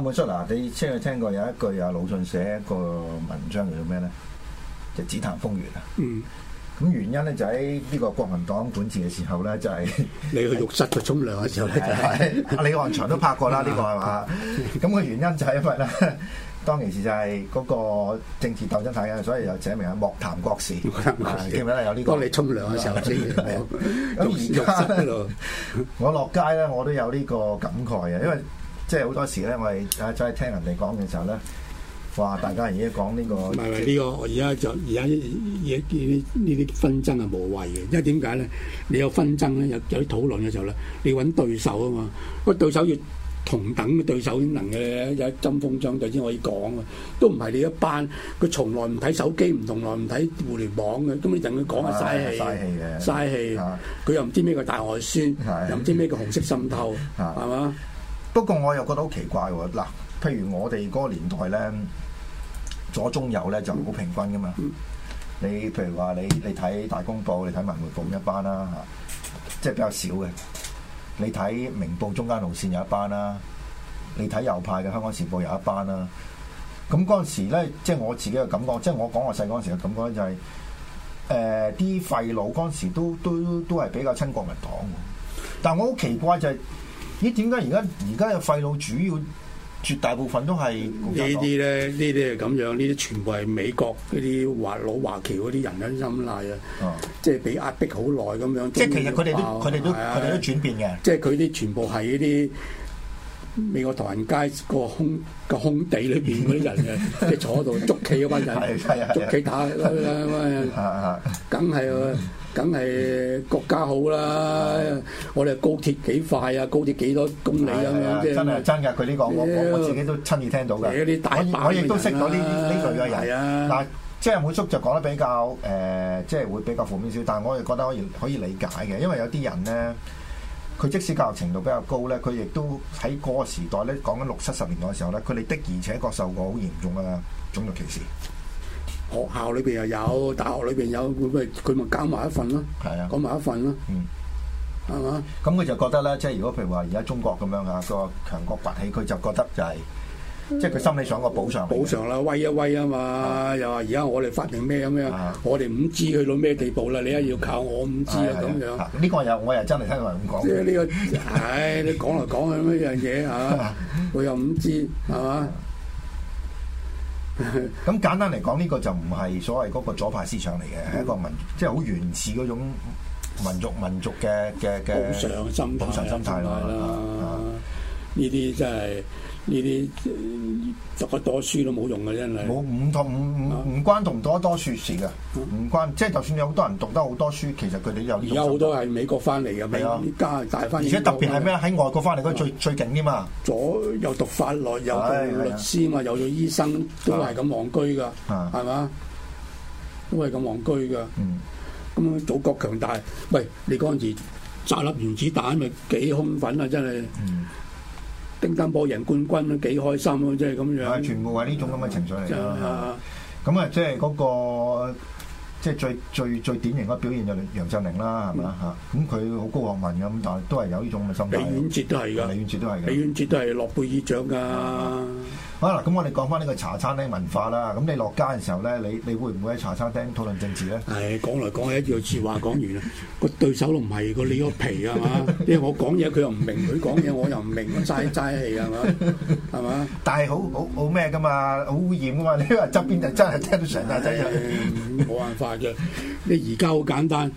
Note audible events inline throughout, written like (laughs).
阿木嗱，你聽聽過有一句阿魯迅寫一個文章叫做咩咧？就只談風月啊。嗯。咁原因咧就喺呢個國民黨管治嘅時候咧，就係、是、你去浴室度沖涼嘅時候咧，就係李翰祥都拍過啦，呢 (laughs) 個係嘛？咁嘅 (laughs) 原因就係因為咧，當其時就係嗰個政治鬥爭太緊，所以又寫明啊莫談國事。莫有呢個？ (laughs) 你沖涼嘅時候先。咁而家咧，我落街咧，我都有呢個感慨嘅，因為。即係好多時咧，我係啊，再聽人哋講嘅時候咧，話大家而家講呢個，唔係呢個，而家就而家呢啲呢啲紛爭係無謂嘅，因為點解咧？你有紛爭咧，有有啲討論嘅時候咧，你揾對手啊嘛，個對手要同等嘅對手先能嘅，有針鋒相對先可以講啊，都唔係你一班，佢從來唔睇手機，唔從來唔睇互聯網嘅，咁你等佢講啊嘥氣嘥氣嘅，嘥氣，佢又唔知咩叫大外宣，又唔知咩叫紅色滲透，係嘛？不過我又覺得好奇怪喎、哦，嗱，譬如我哋嗰個年代咧，左中右咧就好平均㗎嘛。你譬如話你你睇大公報，你睇文匯報一班啦，嚇，即係比較少嘅。你睇明報中間路線有一班啦，你睇右派嘅香港時報有一班啦。咁嗰陣時咧，即係我自己嘅感覺，即係我講我細嗰陣時嘅感覺就係、是，誒、呃、啲廢奴嗰陣時都都都係比較親國民黨，但我好奇怪就係、是。咦？點解而家而家嘅廢老主要絕大部分都係？呢啲咧，呢啲係咁樣，呢啲全部係美國嗰啲華佬華僑嗰啲人喺心賴啊！哦，即係俾壓迫好耐咁樣。即係其實佢哋都佢哋都佢哋都轉變嘅。即係佢啲全部係呢啲美國唐人街個空個空地裏邊嗰啲人嘅，即係坐喺度捉棋嗰班人，捉棋打，梗係。梗係國家好啦，嗯、我哋高鐵幾快啊，高鐵幾多公里啊，真係真㗎，佢呢、個我我自己都親耳聽到嘅。我亦都識到呢呢類嘅人。嗱、啊，即係滿叔就講得比較誒、呃，即係會比較負面少，但係我亦覺得可以可以理解嘅，因為有啲人咧，佢即使教育程度比較高咧，佢亦都喺嗰個時代咧，講緊六七十年代嘅時候咧，佢哋的而且確受過好嚴重嘅種族歧視。學校裏邊又有，大學裏邊有，佢咪佢咪交埋一份咯，講埋、啊、一份咯，係嘛、嗯？咁佢吧就覺得咧，即係如果譬如話而家中國咁樣嚇，個強國崛起，佢就覺得就係、是，嗯、即係佢心理上個補償。補償啦，威一威啊嘛！啊又話而家我哋發定咩咁樣，啊、我哋唔知去到咩地步啦。你啊要靠我唔知、嗯哎、呀啊咁樣。呢、哎這個又我又真係聽人咁講。呢個、就是，唉、哎，你講嚟講去一樣嘢嚇，我、啊、 (laughs) (laughs) (music) 又唔知，係嘛？咁 (laughs) 簡單嚟講，呢、呢個就唔係所謂嗰個左派思想嚟嘅，係、嗯、一個民，即係好原始嗰種民族民族嘅嘅嘅保守心態啦。呢啲真係。呢啲讀得多書都冇用嘅，真係。冇唔同，唔唔唔關同多多書事嘅，唔、啊、關。即係就算有好多人讀得好多書，其實佢哋又。而家好多係美國翻嚟嘅，而家帶翻。而且特別係咩喺外國翻嚟佢最、啊、最勁啲嘛。左讀讀讀、哎、呀又讀法律，又律師嘛，又做醫生，都係咁戇居噶，係嘛、啊？都係咁戇居噶。嗯。咁祖國強大，喂，你嗰陣時炸粒原子彈，咪幾凶狠啊！真係。嗯叮丹波贏冠軍啊，幾開心啊，即係咁樣。係全部係呢種咁嘅情緒嚟嘅。咁啊，即係嗰個，即係最最最典型嘅表現就楊振寧啦，係咪啊吓？咁佢好高學問嘅，咁但係都係有呢種嘅心態。李遠哲都係噶，李遠哲都係噶，李遠哲都係諾貝爾獎噶。嗯嗯好啦，咁我哋講翻呢個茶餐廳文化啦。咁你落街嘅時候咧，你你會唔會喺茶餐廳討論政治咧？係講來講去一句説話講完啦。個 (laughs) 對手都唔係個你個皮係嘛？因為我講嘢佢又唔明，佢講嘢我又唔明，齋齋氣係嘛？係嘛？但係好好好咩㗎嘛？好污染㗎嘛？你話側邊就真係聽到成大陣。冇辦法嘅，你而家好簡單。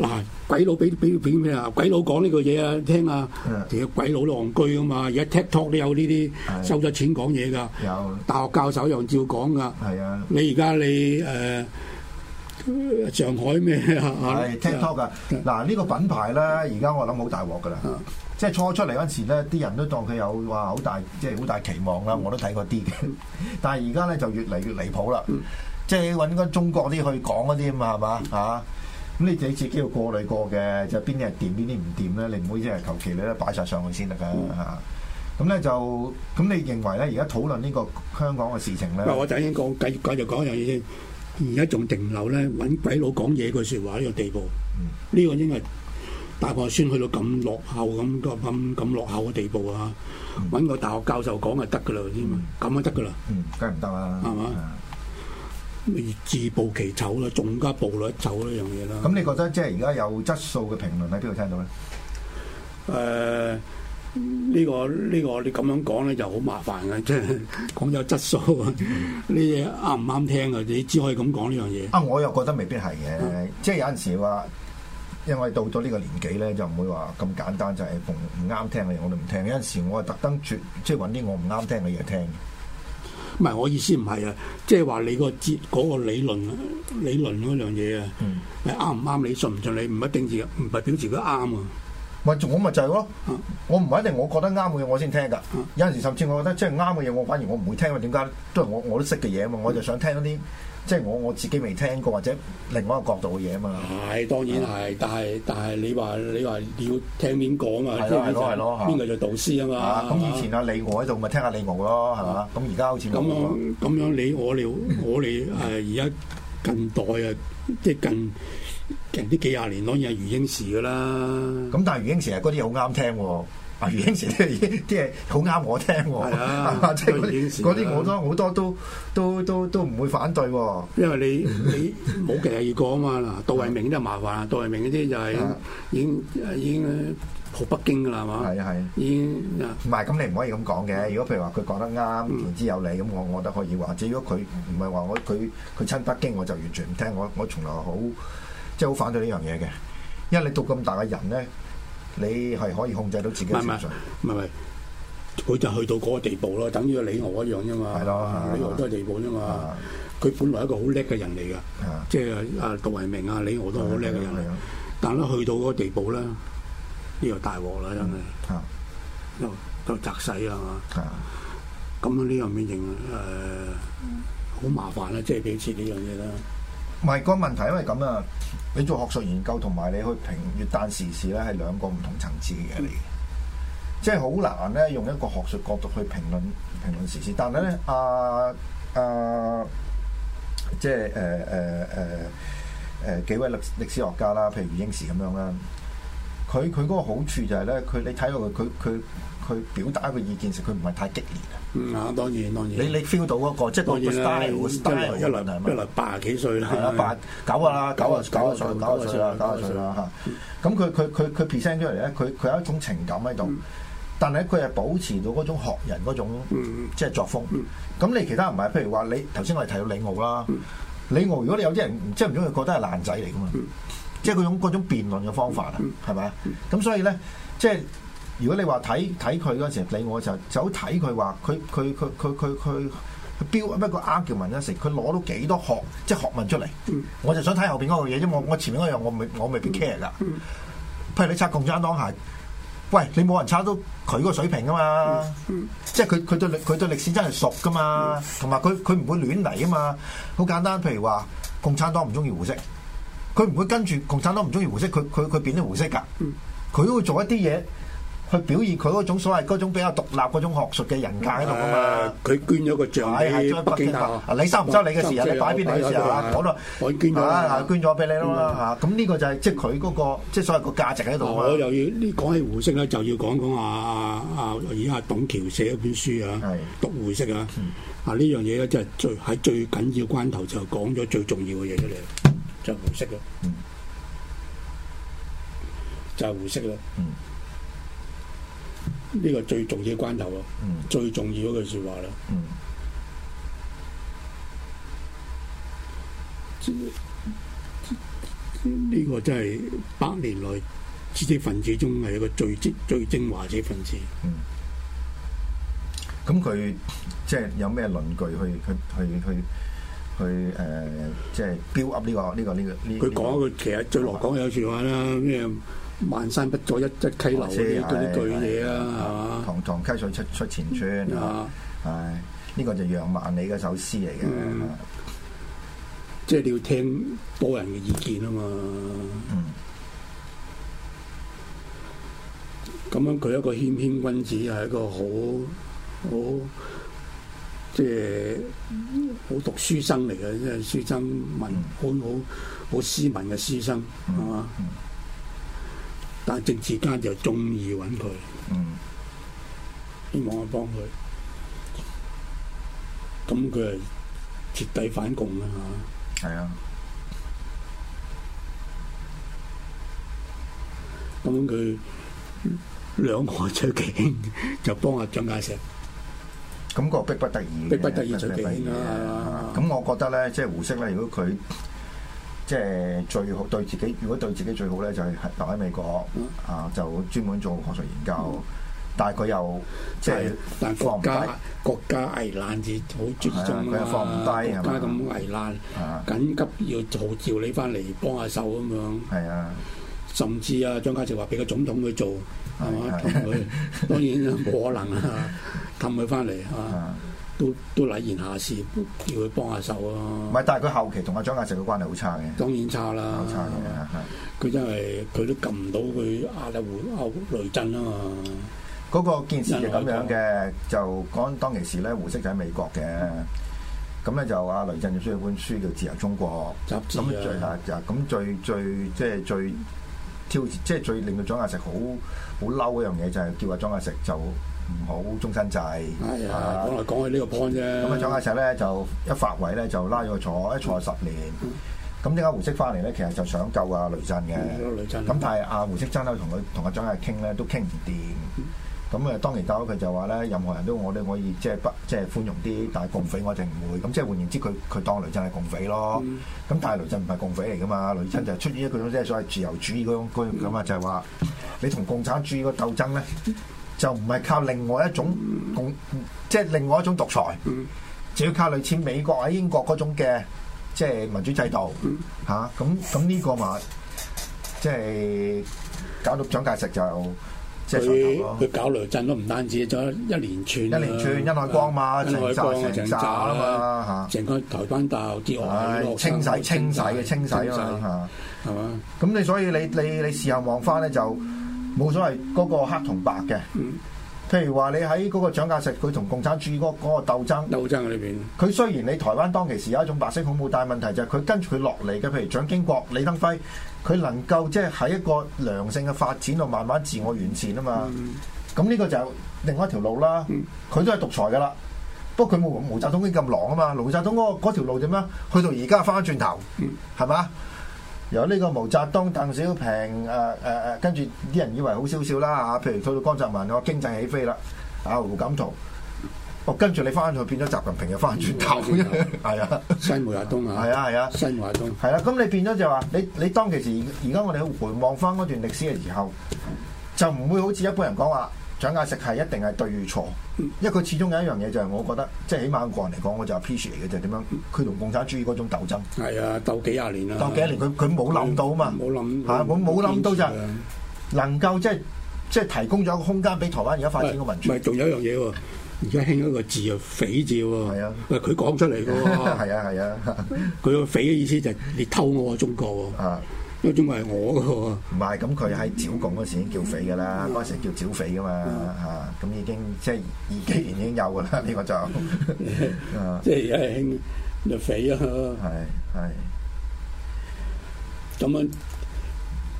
嗱，鬼佬俾俾俾咩啊？鬼佬講呢個嘢啊，聽啊，其實鬼佬戇居啊嘛！而家 TikTok 都有呢啲收咗錢講嘢噶，有大學教授又照講噶。係啊，你而家你誒、呃、上海咩啊？TikTok 噶。嗱，呢是、啊呢個品牌咧，而家我諗好大鑊噶啦，啊、即係初出嚟嗰陣時咧，啲人都當佢有話好大，即係好大期望啦。我都睇過啲嘅，但係而家咧就越嚟越離譜啦。即係揾嗰中國啲去講嗰啲啊嘛，係嘛啊？咁你自己自己要過濾過嘅，就邊啲係掂，邊啲唔掂咧？你唔好即係求其你都擺晒上去先得㗎。咁咧就，咁你認為咧而家討論呢個香港嘅事情咧？我就已經講繼繼續講一樣嘢先。而家仲停留咧，揾鬼佬講嘢佢説話呢個地步。嗯、呢個應該大破孫去到咁落後咁多咁咁落後嘅地步啊！揾個大學教授講就得㗎啦先嘛、嗯，咁就得㗎啦。梗係唔得啦。係嘛？吧自暴其醜啦，仲加暴率走呢樣嘢啦。咁你覺得即係而家有質素嘅評論喺邊度聽到咧？誒、呃，呢、呢個呢、呢個你咁樣講咧就好麻煩嘅，即 (laughs) 係講有質素呢嘢啱唔啱聽啊？你只可以咁講呢樣嘢。啊，我又覺得未必係嘅， (laughs) 即係有陣時話，因為到咗呢個年紀咧，就唔會話咁簡單就係唔唔啱聽嘅嘢，我都唔聽。有陣時我係特登絕，即係揾啲我唔啱聽嘅嘢聽。唔係我意思唔係啊，即係話你個哲嗰、嗰個理論理論嗰樣嘢、嗯、啊，你啱唔啱你信唔信你唔一定而唔係表示佢啱啊。咪我咪就係咯，我唔一定我覺得啱嘅嘢我先聽㗎。啊、有陣時甚至我覺得即係啱嘅嘢，即係、我反而我唔會聽，因為點解都係我我都識嘅嘢啊嘛，我就想聽嗰啲。嗯即係我我自己未聽過或者另外一個角度嘅嘢啊嘛，係當然係嗎，但係但係你話你話要聽邊講、嗯、啊？係咯係咯，邊個做導師啊嘛。咁以前阿李敖喺度，咪聽阿李敖咯，係、嗯、嘛？咁而家好似咁樣咁樣，我你我哋我哋係而家近代啊，即係 (laughs) 近近啲幾廿年當然係余英時噶啦。咁但係余英時係嗰啲好啱聽喎。啊！余英時啲嘢啲嘢好啱我聽喎，係啊，即係嗰啲啲我都好多，多都都都都唔會反對喎。因為你 (laughs) 你冇嘅係粵講嘛，杜維明真係麻煩。杜維明嗰啲就係已經、啊、已經好北京㗎啦嘛，係啊係啊，已經，唔係，咁你唔可以咁講嘅。如果譬如話佢講得啱言之有理，咁我我都可以話。即如果佢唔係話我佢佢親北京，我就完全唔聽。我我從來好即係好反對呢樣嘢嘅，因為你讀咁大嘅人咧。你係可以控制到自己嘅，唔係唔係，佢就去到嗰個地步咯，等於李敖一樣啫嘛。係咯，李敖都地步啫嘛。佢本來係一個好叻嘅人嚟嘅，即係阿杜維明啊，李敖都好叻嘅人，嚟。但係去到嗰個地步咧，呢個大鑊啦，真係。又又宅死啊嘛！咁樣呢樣面型誒，好麻煩啦，即係幾次呢樣嘢啦。唔係個問題，因為咁啊，你做學術研究同埋你去評閲旦時事咧，係兩個唔同層次嘅嘢嚟，即係好難咧用一個學術角度去評論評論時事。但係咧，啊，阿即係誒誒誒誒幾位歷歷史學家啦，譬如英時咁樣啦。佢佢嗰個好處就係咧，佢你睇落佢佢佢佢表達一個意見時，佢唔係太激烈啊。嗯，當然當然。你你 feel 到嗰個即係個 style，個一輪一係咪？一輪八啊幾歲啦？係啊，八九啊啦，九啊九啊歲，九啊歲啦，九啊歲啦嚇。咁佢佢佢佢 present 出嚟咧，佢佢有一種情感喺度，但係佢係保持到嗰種學人嗰種即係作風。咁你其他唔係譬如話你頭先我哋提到李敖啦，李敖如果你有啲人即係唔中意佢覺得係爛仔嚟㗎嘛。即係佢用各種辯論嘅方法啦，係咪啊？咁所以咧，即係如果你話睇睇佢嗰陣時理我時就 build, 就好睇佢話佢佢佢佢佢佢 build 一個 argument 嗰陣時，佢攞到幾多學即係學問出嚟？我就想睇後邊嗰樣嘢啫，我我前面嗰樣我未我未必 care 㗎。譬如你拆共產黨吓，喂，你冇人拆到佢個水平㗎嘛？即係佢佢對佢對歷史真係熟㗎嘛？同埋佢佢唔會亂嚟㗎嘛？好簡單，譬如話共產黨唔中意胡適。佢唔會跟住共產黨唔中意胡適，佢佢佢變咗胡適噶。佢都會做一啲嘢去表現佢嗰種所謂嗰種比較獨立嗰種學術嘅人格喺度噶嘛。佢捐咗個獎俾北京大學，你收唔收你嘅事啊？你擺喺邊你嘅事啊？講咗我捐咗，捐咗俾你啦嘛。咁呢個就係即係佢嗰個即係所謂個價值喺度。我又要講起胡適咧，就要講講下啊，而家董橋寫嗰本書啊，讀胡適啊。啊呢樣嘢咧，就係最喺最緊要關頭就講咗最重要嘅嘢出嚟。就胡適咯，就胡適咯，呢個最重要關頭咯、啊，嗯、最重要嗰句說話咯，呢個真係百年來知識分子中係一個最精最精華知識分子、嗯。咁佢即係有咩論據去去去去？去誒、呃，即係 build up 呢個呢、這個呢、這個呢？佢講一句，其實最落講有句話啦，咩萬山不阻一一溪流嗰啲對對嘢啦，堂堂吧溪水出出前川啊！唉，呢個就楊萬里嘅首詩嚟嘅，嗯、是即係你要聽多人嘅意見啊嘛。嗯。咁樣佢一個謙謙君子係一個好好。嗯即係好讀書生嚟嘅，即係書生文，好好好斯文嘅書生，係嘛？嗯嗯、但係政治家就中意揾佢，嗯、希望我幫佢，咁佢徹底反共啦，係嘛、嗯？係、嗯、啊，咁佢兩岸出勁就幫阿蔣介石。咁個逼不得已，逼不得已嘅咁，我覺得咧，即係胡適咧，如果佢即係最好對自己，如果對自己最好咧，就係留喺美國啊，就專門做學術研究。但係佢又即係放唔低國家危難，至好尊重佢又放唔低係嘛？咁危難，緊急要號召你翻嚟幫下手咁樣。係啊，甚至啊，蔣介石話俾個總統去做係嘛？同當然冇可能啊。氹佢翻嚟啊，都都禮賢下士，叫佢幫下手啊。唔係，但係佢後期同阿蔣介石嘅關係好差嘅。當然差啦。好差嘅，係吧。佢真係佢都撳唔到佢力阿雷震啊嘛。嗰個件事係咁樣嘅，就講當其時咧，胡適就喺美國嘅。咁咧、嗯、就阿雷震就寫一本書叫《自由中國》資。咁最後一咁最最，最，最，最，最即係最挑，即係最令到生氣 蔣介石好好嬲嗰樣嘢就係叫阿蔣介石就。就唔好終身制，講嚟講去呢個 point 啫。咁啊，蔣介石咧就一發圍咧就拉咗佢、嗯、坐，一坐十年。咁點解胡適翻嚟咧？其實就想救阿雷震嘅。咁但係阿胡適真係，同佢同阿蔣介石傾咧都傾唔掂。咁、嗯、啊，當然嗰佢就話咧，任何人都我都可以即係、就是、不即係、就是就是、寬容啲，但係共匪我哋唔會。咁即係換言之，佢佢當雷震係共匪咯。咁但係雷震唔係共匪嚟噶嘛？雷震就出於一種即係所謂自由主義嗰種咁啊，就係、是、話、嗯、你同共產主義個鬥爭咧。就唔係靠另外一種共，即係另外一種獨裁，就要靠類似美國喺英國嗰種嘅即係民主制度嚇。咁咁呢個嘛，即係搞到蔣介石就佢佢搞雷震都唔單止咗一連串一連串，殷海光嘛，殷海光一紮啊嘛，成個台灣大學跌落嚟清洗清洗嘅清洗啊嚇，係嘛？咁你所以你你你事後望翻咧就。冇所謂嗰個黑同白嘅，譬如話你喺嗰個蔣介石佢同共產主義嗰嗰個鬥爭，鬥爭喺裏便。佢雖然你台灣當其時有一種白色恐怖，大係問題就係、是、佢跟住佢落嚟嘅，譬如蔣經國、李登輝，佢能夠即係喺一個良性嘅發展度慢慢自我完善啊嘛。咁呢、嗯、個就另外一條路啦。佢都係獨裁噶啦，不過佢冇毛澤東已經咁狼啊嘛。毛澤東嗰條路點樣？去到而家翻翻轉頭，係嘛、嗯？由呢個毛澤東、鄧小平誒誒誒，跟住啲人以為好少少啦嚇，譬如到到江澤民，我經濟起飛啦，啊胡錦濤，哦跟住你翻去變咗習近平又翻轉頭，係啊，新毛澤東啊，係啊係啊，新毛澤東，係啦、啊，咁、嗯、你變咗就話、是、你你當其時而家我哋回望翻嗰段歷史嘅時候，就唔會好似一般人講話。蔣介石係一定係對與錯，因為佢始終有一樣嘢就係我覺得，即係起碼個人嚟講，我就係批士嚟嘅就啫。點樣佢同共產主義嗰種鬥爭 yes, inhos,？係啊，鬥幾廿年啦！鬥幾年，佢佢冇諗到啊嘛！冇諗嚇，我冇諗到就能夠即係即係提供咗個空間俾台灣而家發展個民主、呃。唔咪仲有一樣嘢喎，而家興一個字啊，匪字喎。係啊，佢講出嚟嘅喎。係啊係啊，佢個匪嘅意思就係你偷我中國喎。S ida 都仲係我噶喎，啊！唔係咁，佢喺剿共嗰時已經叫匪噶啦，嗰、嗯、時叫剿匪噶嘛嚇，咁、嗯啊、已經即係二幾年已經有噶啦，呢 (laughs) 個就 (laughs) 即係而家興就匪咯，啊。係係咁樣，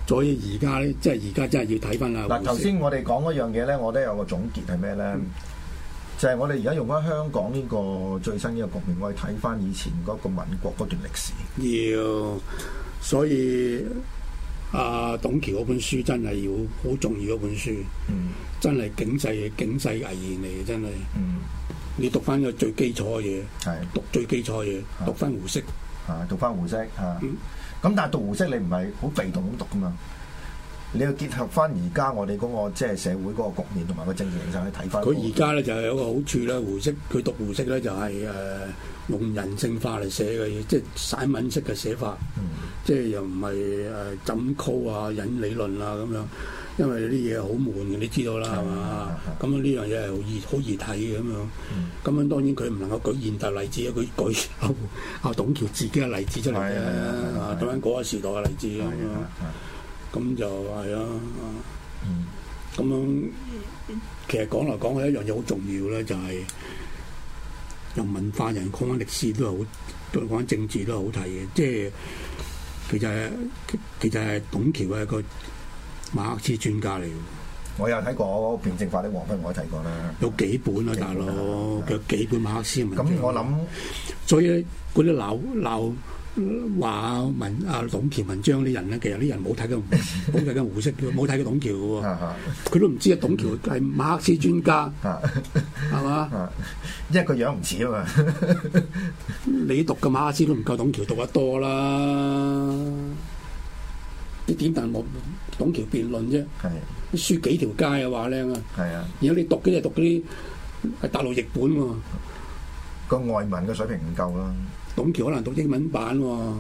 所以而家咧，即係而家真係要睇翻啦。嗱，頭先我哋講嗰樣嘢咧，我都有個總結係咩咧？嗯、就係我哋而家用翻香港呢個最新呢個局面，我哋睇翻以前嗰個民國嗰段歷史。要、嗯。所以阿、啊、董橋嗰本書真係要好重要嗰本書，嗯、真係警世警世危言嚟，真係。嗯，你讀翻個最基礎嘅嘢，係是讀最基礎嘢，讀翻胡適，啊讀翻胡適，啊。咁但係讀胡適你唔係好被動咁讀㗎嘛？你要結合翻而家我哋嗰個即係社會嗰個局面同埋個政治形勢去睇翻。佢而家咧就係有個好處啦，胡適佢讀胡適咧就係誒用人性化嚟寫嘅，即係散文式嘅寫法。即係又唔係誒怎高啊引理論啊咁樣，因為啲嘢好悶嘅，你知道啦係嘛？咁啊呢樣嘢係好易好易睇嘅咁樣。咁樣當然佢唔能夠舉現代例子啊，佢舉阿董橋自己嘅例子出嚟嘅。係啊係啊。講緊嗰個時代嘅例子咁樣。咁就係咯，咁樣其實講嚟講去一樣嘢好重要咧，就係用文化人講翻歷史都係好，講翻政治都係好睇嘅。即係其實其實董橋係個馬克思專家嚟，我有睇過辯證法的王輝，我都睇過啦。有幾本啊，大佬佢有幾本馬克思嘅文。咁我諗，所以嗰啲鬧鬧。話文啊董橋文章啲人咧，其實啲人冇睇過，冇睇過胡適，冇睇過董橋嘅喎，佢 (laughs) 都唔知啊董橋係馬克思專家，係 (laughs) 吧 (laughs) 嘛，一個樣唔似啊嘛，你讀嘅馬克思都唔夠董橋讀得多啦，你點彈幕董橋辯論啫，都輸是、啊、幾條街話是啊話靚啊，係啊，然後你讀嘅就讀嗰啲係大陸譯本喎，個 (laughs) 外文嘅水平唔夠啦。董橋可能讀英文版喎、啊，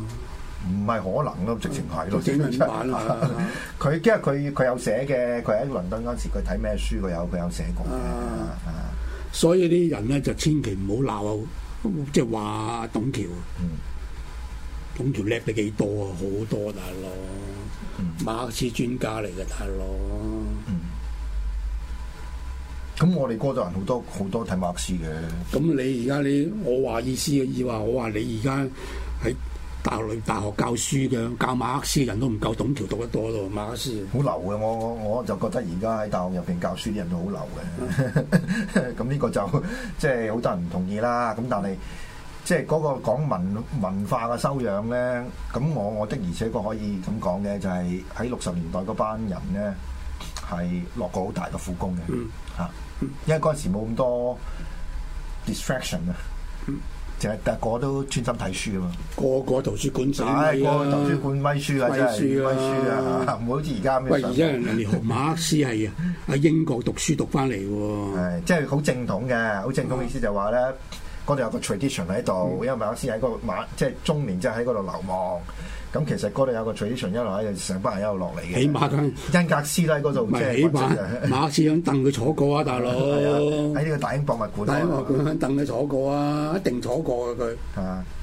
唔係、嗯、可能咯，直情係咯，英、啊、文版啊！佢因為佢佢有寫嘅，佢喺倫敦嗰時，佢睇咩書，佢有佢有寫過、啊啊、所以啲人咧就千祈唔好鬧，即係話董橋。嗯、董橋叻咗幾多啊？好，好多大佬，嗯、馬克思專家嚟嘅大佬。咁我哋過咗人好多好多睇馬克思嘅。咁你而家你我話意思意話我話你而家喺大學裏大學教書嘅教馬克思嘅人都唔夠董橋讀得多咯，馬克思，好流嘅，我我就覺得而家喺大學入邊教書啲人都好流嘅。咁呢、嗯、 (laughs) 個就即係好多人唔同意啦。咁但係即係嗰個講文文化嘅修養咧，咁我我的而且確可以咁講嘅，就係喺六十年代嗰班人咧係落過好大嘅苦功嘅，嚇、嗯。因為嗰時冇咁多 distraction 啊，淨係個個都專心睇書啊嘛，個個圖書館仔，啊，個、哎、個圖書館威書啊，真係威書啊，唔好似而家咩？而家人哋學馬克思係啊，喺英國讀書讀翻嚟喎，係即係好正統嘅，好正統嘅意思就係話咧，嗰度、啊、有個 tradition 喺度，嗯、因為馬克思喺嗰度即係中年之後喺嗰度流亡。咁其實嗰度有個徐思淳一路喺度成班人一路落嚟嘅，一邊一邊起碼馬咁恩格斯喺嗰度，唔係是起碼馬, (laughs) 馬克思咁等佢坐過啊，大佬喺呢個大英博物館，大英博物館等佢坐過啊， (laughs) 一定坐過啊佢。 (laughs)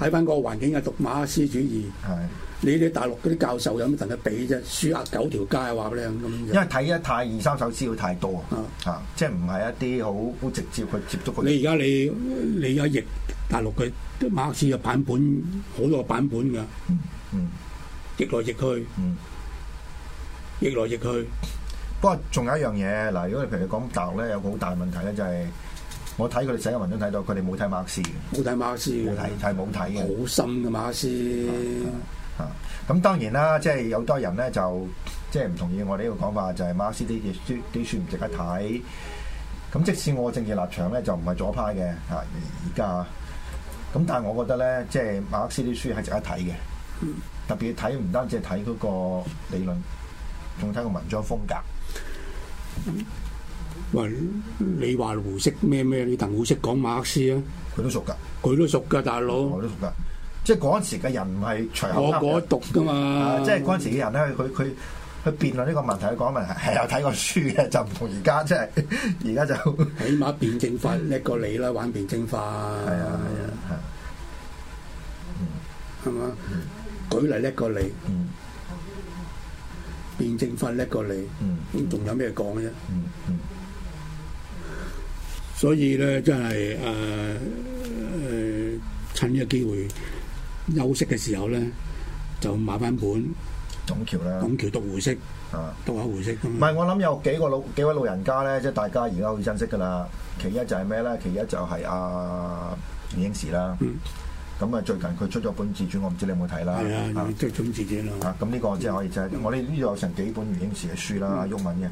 睇翻嗰個環境啊，讀馬克思主義。係，是的 你啲大陸嗰啲教授有咩同佢比啫？輸壓九條街話畀、那個、你，你？咁樣。因為睇得太二三手書太多啊，即係唔係一啲好好直接去接觸嗰啲。你而家你你而家譯大陸嘅馬克思嘅版本好多版本㗎、嗯，嗯，譯來譯去，嗯，譯來譯去。不過仲有一樣嘢，嗱，如果你譬如你講大陸咧，有個好大問題咧，就係、是。我睇佢哋寫嘅文章睇到，佢哋冇睇馬克思，冇睇馬克思，冇睇，冇睇嘅。好深嘅馬克思、uh, that. uh, 啊！咁、啊、當然啦，即、就、係、是、有多人咧就即係唔同意我哋呢個講法，就係、是、馬克思啲嘢書啲書唔值得睇。咁即使我政治立場咧就唔係左派嘅啊，而家，咁但係我覺得咧，即、就、係、是、馬克思啲書係值得睇嘅。特別睇唔單止係睇嗰個理論，仲睇個文章風格。Um. 喂，你話胡適咩咩？你同胡適講馬克思啊，佢都熟噶，佢都熟噶，大佬我都熟噶。即係嗰時嘅人唔係隨口我嗰讀噶嘛，即係嗰時嘅人咧，佢佢佢辯論呢個問題，佢講明係有睇過書嘅，就唔同而家。即係而家就起碼辯證法叻過你啦，玩辯證法。係啊係啊係啊。係嘛？舉例叻過你。嗯。辯證法叻過你。咁仲有咩講嘅啫？所以咧，真係誒誒，趁呢個機會休息嘅時候咧，就買翻本董橋啦，董橋讀回息啊，讀下回息。唔係，我諗有幾個老幾位老人家咧，即係大家而家好珍惜噶啦。其一就係咩咧？其一就係阿、啊、余英時啦。嗯咁啊，最近佢出咗本自傳，我唔知你有冇睇啦。係啊，追蹤自傳啦。啊，咁呢個即係可以即、就、係、是，嗯、我哋呢度有成幾本余英時嘅書啦，阿鬱敏嘅。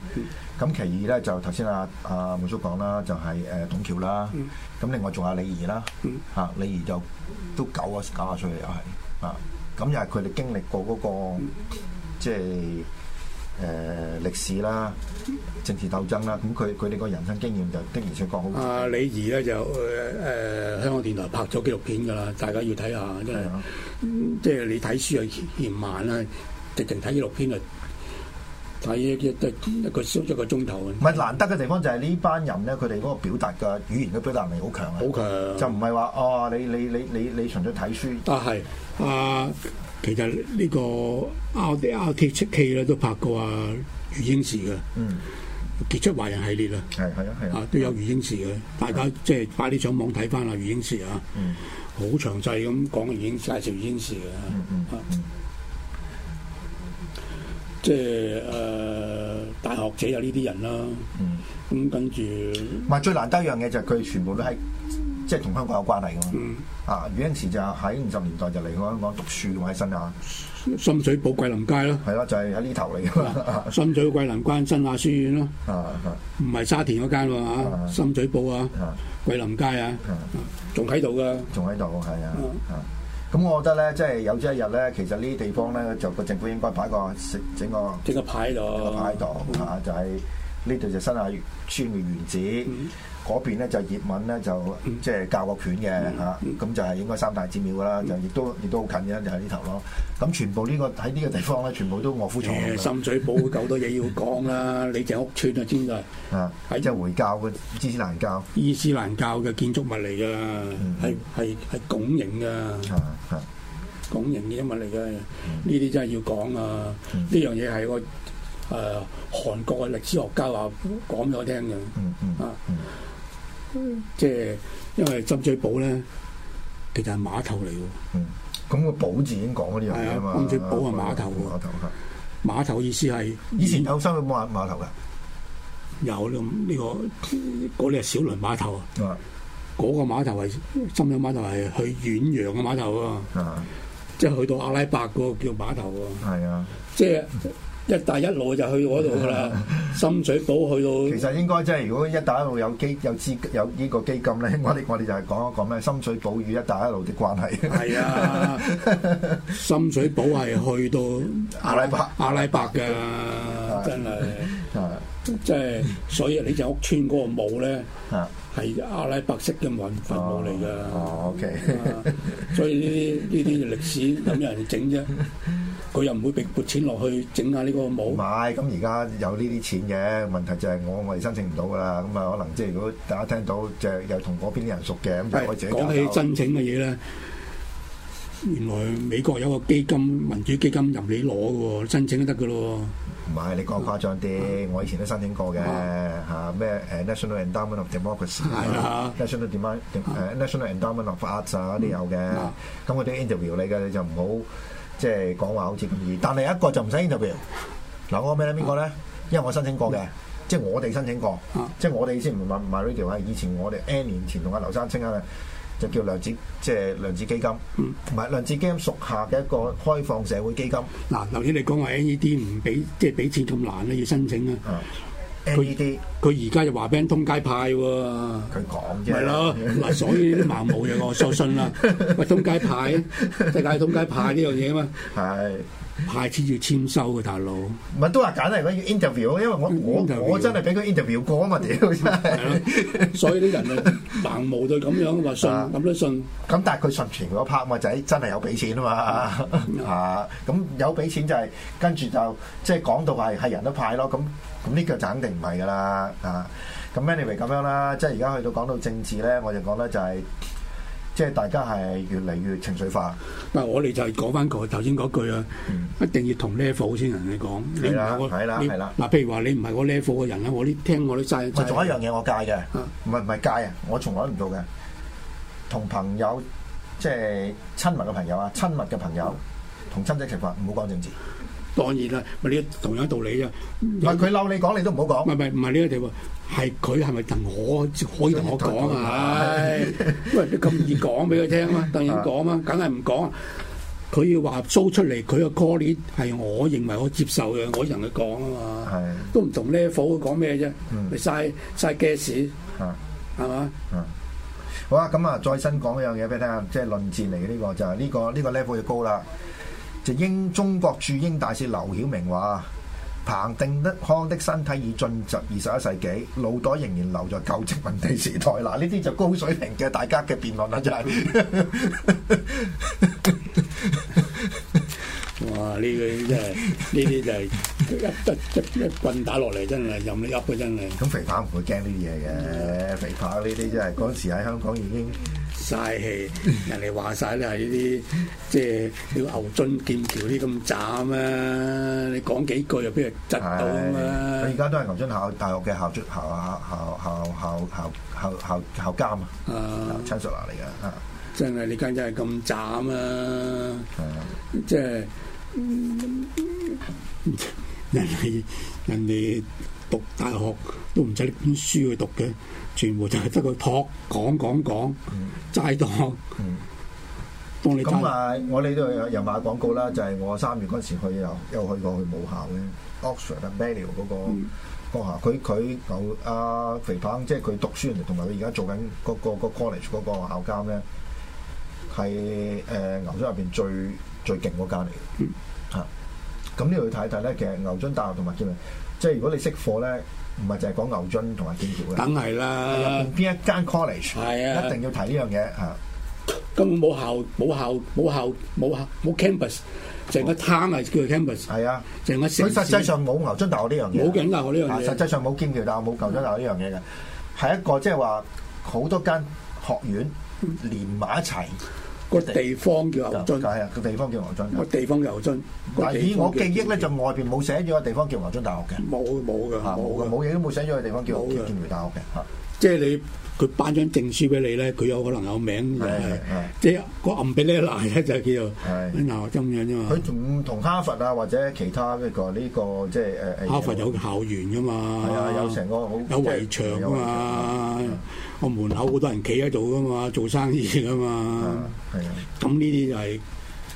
咁其二咧，就頭先阿阿毛叔講啦，就係、是、誒、啊、董橋啦。咁、啊、另外仲有李儀啦。嚇、啊，李儀就都九啊九啊歲又係啊，咁又係佢哋經歷過嗰、那個、啊、即係。誒、呃、歷史啦，政治鬥爭啦，咁佢佢哋個人生經驗就的而且確好。啊，李怡咧就誒、呃、香港電台拍咗紀錄片㗎啦，大家要睇下，真啊嗯、即係即係你睇書係嫌慢啦，直情睇紀錄片啊，睇一啲都一個小一個鐘頭。唔係難得嘅地方就係呢班人咧，佢哋嗰個表達嘅語言嘅表達力好強啊，好強！強就唔係話哦，你你你你你，你，你，你純粹睇書。啊係、嗯、啊。其實呢個阿迪、阿 K、七 K 咧都拍過啊《余英時》噶、嗯，傑出華人系列啦、啊，係係啊係啊，啊，啊，都有余時《余英時》嘅，大家即係快啲上網睇翻啊，余英時》啊，嗯、好詳細咁講《余英介紹余英時》嘅，即係誒、呃、大學者有呢啲人啦、啊，咁、嗯嗯、跟住，咪最難得一樣嘢就係佢全部都係。即係同香港有關係㗎嘛？啊，余英時就喺五十年代就嚟過香港讀書，喎喺新亞，深水埗桂林街咯，係咯，就係喺呢頭嚟。深水埗桂林關新亞書院咯，唔係沙田嗰間喎，深水埗啊，桂林街啊，仲喺度㗎，仲喺度，係啊，咁我覺得咧，即係有朝一日咧，其實呢啲地方咧，就個政府應該擺個整個即個牌度，個牌檔就喺呢度就新亞村嘅原址。嗰邊咧就葉問咧就即係教個拳嘅嚇，咁就係應該三大寺廟啦，就亦都亦都好近嘅，就喺呢頭咯。咁全部呢個喺呢個地方咧，全部都臥虎藏龍。深水埗好夠多嘢要講啦，你淨屋村啊，知噶，喺即係回教嘅伊斯蘭教，伊斯蘭教嘅建築物嚟噶，係係係拱形噶，拱形嘅一物嚟噶，呢啲真係要講啊！呢樣嘢係個誒韓國嘅歷史學家話講咗聽嘅，啊。即係，因為深水埗咧，其實係碼頭嚟嘅。嗯，咁個埗字已經講咗啲嘢啊嘛。深水埗係碼頭啊，碼頭意思係以前有收嘅馬碼頭噶，有咁、這、呢個嗰啲係小輪碼頭啊。嗰嗎個碼頭係深水碼頭係去遠洋嘅碼頭啊，嗎即係去到阿拉伯嗰個叫碼頭啊。係啊的、嗯，即係。一帶一路就去到嗰度噶啦， (laughs) 深水埗去到。其實應該真、就、係、是，如果一帶一路有基有資有呢個基金咧，我哋我哋就係講一講咩，深水埗與一帶一路的關係。係 (laughs) 啊，深水埗係去到阿拉伯 (laughs) 阿拉伯嘅，真係，係即係，所以你只屋村嗰個帽咧，係阿拉伯式嘅雲雲帽嚟㗎。OK 所以呢啲呢啲歷史咁有人整啫。佢又唔會撥錢落去整下呢個帽？唔係，咁而家有呢啲錢嘅問題就係我我哋申請唔到噶啦。咁啊，可能即係如果大家聽到，就又同嗰邊啲人熟嘅咁，我、哎、自己講起申請嘅嘢咧，原來美國有個基金，民主基金任你攞嘅，申請都得嘅咯。唔係你講誇張啲，啊、我以前都申請過嘅嚇。咩誒、啊啊啊、National Endowment of Democracy National Endowment of Arts 啊，啲有嘅。咁嗰啲、啊、interview 你嘅你就唔好。即係講話好似咁易，但係一個就唔使 interview。嗱、啊，我咩咧？邊個咧？因為我申請過嘅，嗯、即係我哋申請過，啊、即係我哋先唔問問 Rudy 話。以前我哋 N 年前同阿劉生傾下就叫量子，即係量子基金，唔係、嗯、量子基金屬下嘅一個開放社會基金。嗱、嗯，劉生你講話 NED 唔俾，即係俾錢咁難咧，要申請咧、啊。啊。佢依啲，佢而家就話俾人通街派喎、啊，佢講啫，係咯、啊，嗱， (laughs) 所以啲盲無嘢我相信啦，喂，通街派，即係講通街派呢樣嘢啊嘛，係。派錢要簽收嘅、啊、大佬，唔係都話簡單嚟講要 interview，因為我 Inter view 我我真係俾佢 interview 過啊嘛，屌 (laughs) 所以啲人啊盲無就咁樣啊信咁都信。咁、啊、但係佢順傳嗰拍咪仔，真係有俾錢啊嘛，啊咁有俾錢就係、是、跟住就即係講到係係人都派咯，咁咁呢個就肯定唔係㗎啦，啊咁 anyway 咁樣啦，即係而家去到講到政治咧，我就講咧就係、是。即係大家係越嚟越情緒化。嗱，我哋就係講翻頭先嗰句啊，一定要同 level 先同你講。係啦，係啦，係啦。嗱，譬如話你唔係我 level 嘅人咧，我啲聽我啲齋。仲有一樣嘢我介嘅，唔係唔係介啊，我從來唔做嘅。同朋友即係、就是、親密嘅朋友啊，親密嘅朋友，同親戚傾話，唔好講政治。當然啦，咪你同樣道理啫。唔係佢嬲你講，你都唔好講。唔係唔係呢個地方，係佢係咪同我可以同我講啊？喂，啲咁易講俾佢聽啊嘛，當然講啊嘛，梗係唔講。佢要話 show 出嚟，佢嘅 call in 係我認為我接受嘅，我同佢講啊嘛。係的都唔同 level 講咩啫，咪嘥嘥 gas，啊。係係嘛？好啊，咁啊，再新講一樣嘢俾你聽，聽下。即、就、係、是、論字嚟嘅呢個就係呢、這個呢、這個這個 level 要高啦。就英中國駐英大使劉曉明話：彭定德康的身體已進入二十一世紀，腦袋仍然留在舊殖民地時代。嗱，呢啲就高水平嘅大家嘅辯論啦，就係、嗯。 (laughs) 哇！呢個真係，呢啲就係、是、一,一,一棍打落嚟，真係任你噏嘅真係。咁肥彭唔會驚呢啲嘢嘅，嗯、肥彭呢啲真係嗰時喺香港已經。晒氣，人哋話晒咧係呢啲即係牛津劍橋啲咁斬啊！你講幾句又俾人質到啦！佢而家都係牛津校大學嘅校長、校校校校校校校校監 (noise) 啊校！親屬嚟㗎啊！真係你家真係咁斬啊！即係人哋人哋讀大學都唔使本書去讀嘅。全部就係得個託講講講，齋當、嗯。咁咪我哋都有人賣廣告啦，嗯、就係我三月嗰時去又又去過去母校嘅 Oxford Baylor 嗰個學校，佢佢由阿肥胖即係佢讀書，同埋佢而家做緊嗰、嗰個、嗰個 college 嗰個校監咧，係誒、呃、牛津入邊最最勁嗰間嚟嘅嚇。咁、嗯、呢度睇睇咧，其實牛津大學同埋即係如果你識貨咧。唔係就係講牛津同埋劍橋嘅，梗係啦。入邊一間 college，係啊，一定要提呢樣嘢嚇。根本冇校冇校冇校冇冇 campus，成個 town 係叫 campus。係啊，成個。佢實際上冇牛津大學呢樣嘢，冇劍橋大學呢樣嘢。實際上冇劍橋大學冇牛津大學呢樣嘢嘅，係啊，一個即係話好多間學院連埋一齊。嗯嗯個地方叫牛津，係啊，個地方叫牛津。個地方叫牛津，牛津，但係以我記憶咧津就外邊冇寫咗個地方叫牛津大學嘅。冇冇嘅，冇嘅，冇嘢都冇寫咗個地方叫劍橋的大學嘅。即係你佢頒張證書俾你咧，佢有可能有名就係、是是是是即係、嗰個摁俾你一拿咧，就係、是、叫做拿針咁樣啫嘛。佢仲同哈佛啊或者其他呢、呢個呢、呢個即係誒哈佛有個校園噶嘛？係啊，有成個好有圍牆嘛，個、啊啊、門口好多人企喺度噶嘛，做生意噶嘛。係啊，咁呢啲就係、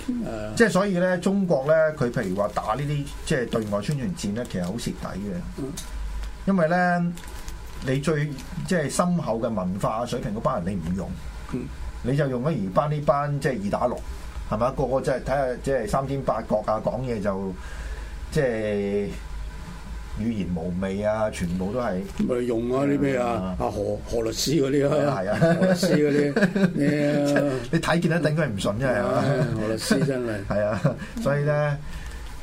是、誒。即係是、啊、所以咧，中國咧，佢譬如話打呢啲即係對外宣傳戰咧，其實好蝕底嘅，因為咧。你最即係深厚嘅文化水平嗰班人，你唔用，你就用咗而班呢班即係二打六，係咪？個個即係睇下即係三尖八角啊，講嘢就即係語言無味啊，全部都係咪用啊？啲咩啊？阿何何律師嗰啲啊，係啊，何律師嗰啲，你睇見一等都係唔順真係嘛？何律師真係係啊，所以咧。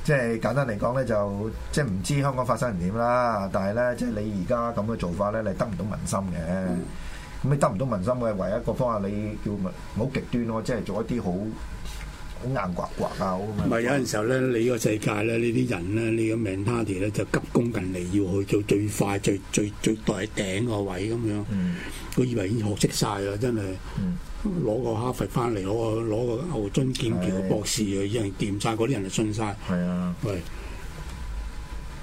即係簡單嚟講咧，就即係唔知香港發生唔點啦。但係咧，即、就、係、是、你而家咁嘅做法咧，你得唔到民心嘅。咁、嗯、你得唔到民心嘅唯一一個方法，你叫唔好、嗯、極端咯，即係做一啲好好硬刮刮啊咁。唔係是以有陣時候咧，你個世界咧，你啲人咧，你個名 party 咧，就急功近利，要去做最快、最最最待頂個位咁樣。佢、嗯、以為已經學識晒啦，真係。嗯攞個哈佛翻嚟，攞個攞個牛津劍橋博士，又已經掂晒，嗰啲人就信晒。係啊，喂的，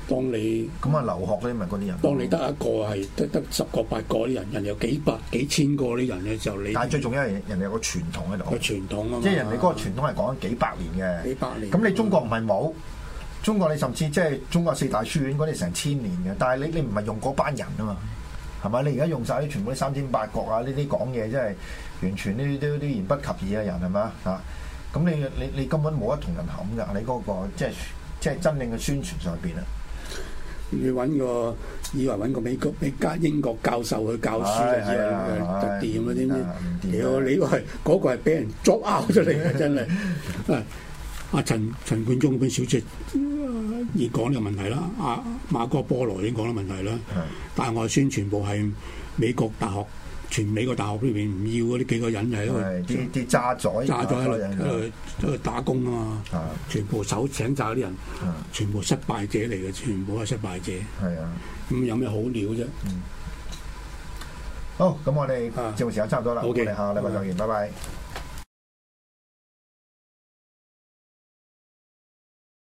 當你咁啊，留學嗰啲咪嗰啲人。當你得一個係得得十個八個啲人，人有幾百幾千個啲人咧，就你。但係最重要係人哋有個傳統喺度。傳個傳統啊嘛？即係人哋嗰個傳統係講幾百年嘅。幾百年。咁你中國唔係冇？中國你甚至即係中國四大書院嗰啲成千年嘅，但係你你唔係用嗰班人啊嘛。係嘛？你而家用晒啲全部啲三千八國啊！呢啲講嘢真係完全呢啲都都言不及義嘅人係嘛？啊！咁你你你根本冇得同人談㗎，你嗰、嗰個即係即係真正嘅宣傳上邊啊！你揾個以為揾個美國、美加、英國教授去教書、哎哎哎哎、啊？掂嗰啲，屌你個係嗰個俾人捉拗出嚟㗎，真係的阿、 (laughs) 啊、陳陳，陳冠中本小說。而講呢個問題啦，阿馬哥波羅已經講咗問題啦。係，但我宣全部係美國大學，全美國大學裏邊唔要嗰啲幾個人嘅，因為啲啲炸咗炸仔喺度喺度喺打工啊嘛。全部手請炸啲人，全部失敗者嚟嘅，全部係失敗者。係啊，咁有咩好料啫？好，咁我哋節目時間差唔多啦。好嘅，下禮拜做完，拜拜。